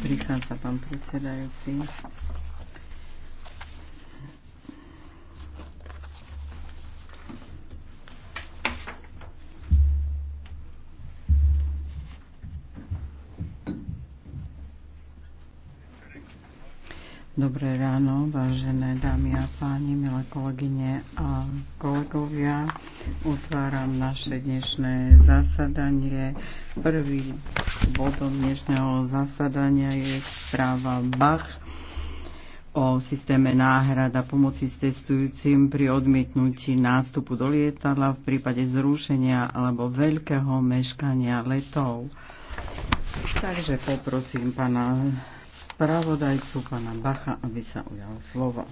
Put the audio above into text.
Prichádza pán predsedajúci. Dobré ráno, vážené dámy a páni, milé kolegyne a kolegovia. Utváram naše dnešné zasadanie. Prvý bodom dnešného zasadania je správa Bach o systéme náhrad a pomoci s testujúcim pri odmietnutí nástupu do lietadla v prípade zrušenia alebo veľkého meškania letov. Takže poprosím pána spravodajcu pana Bacha, aby sa ujal slova.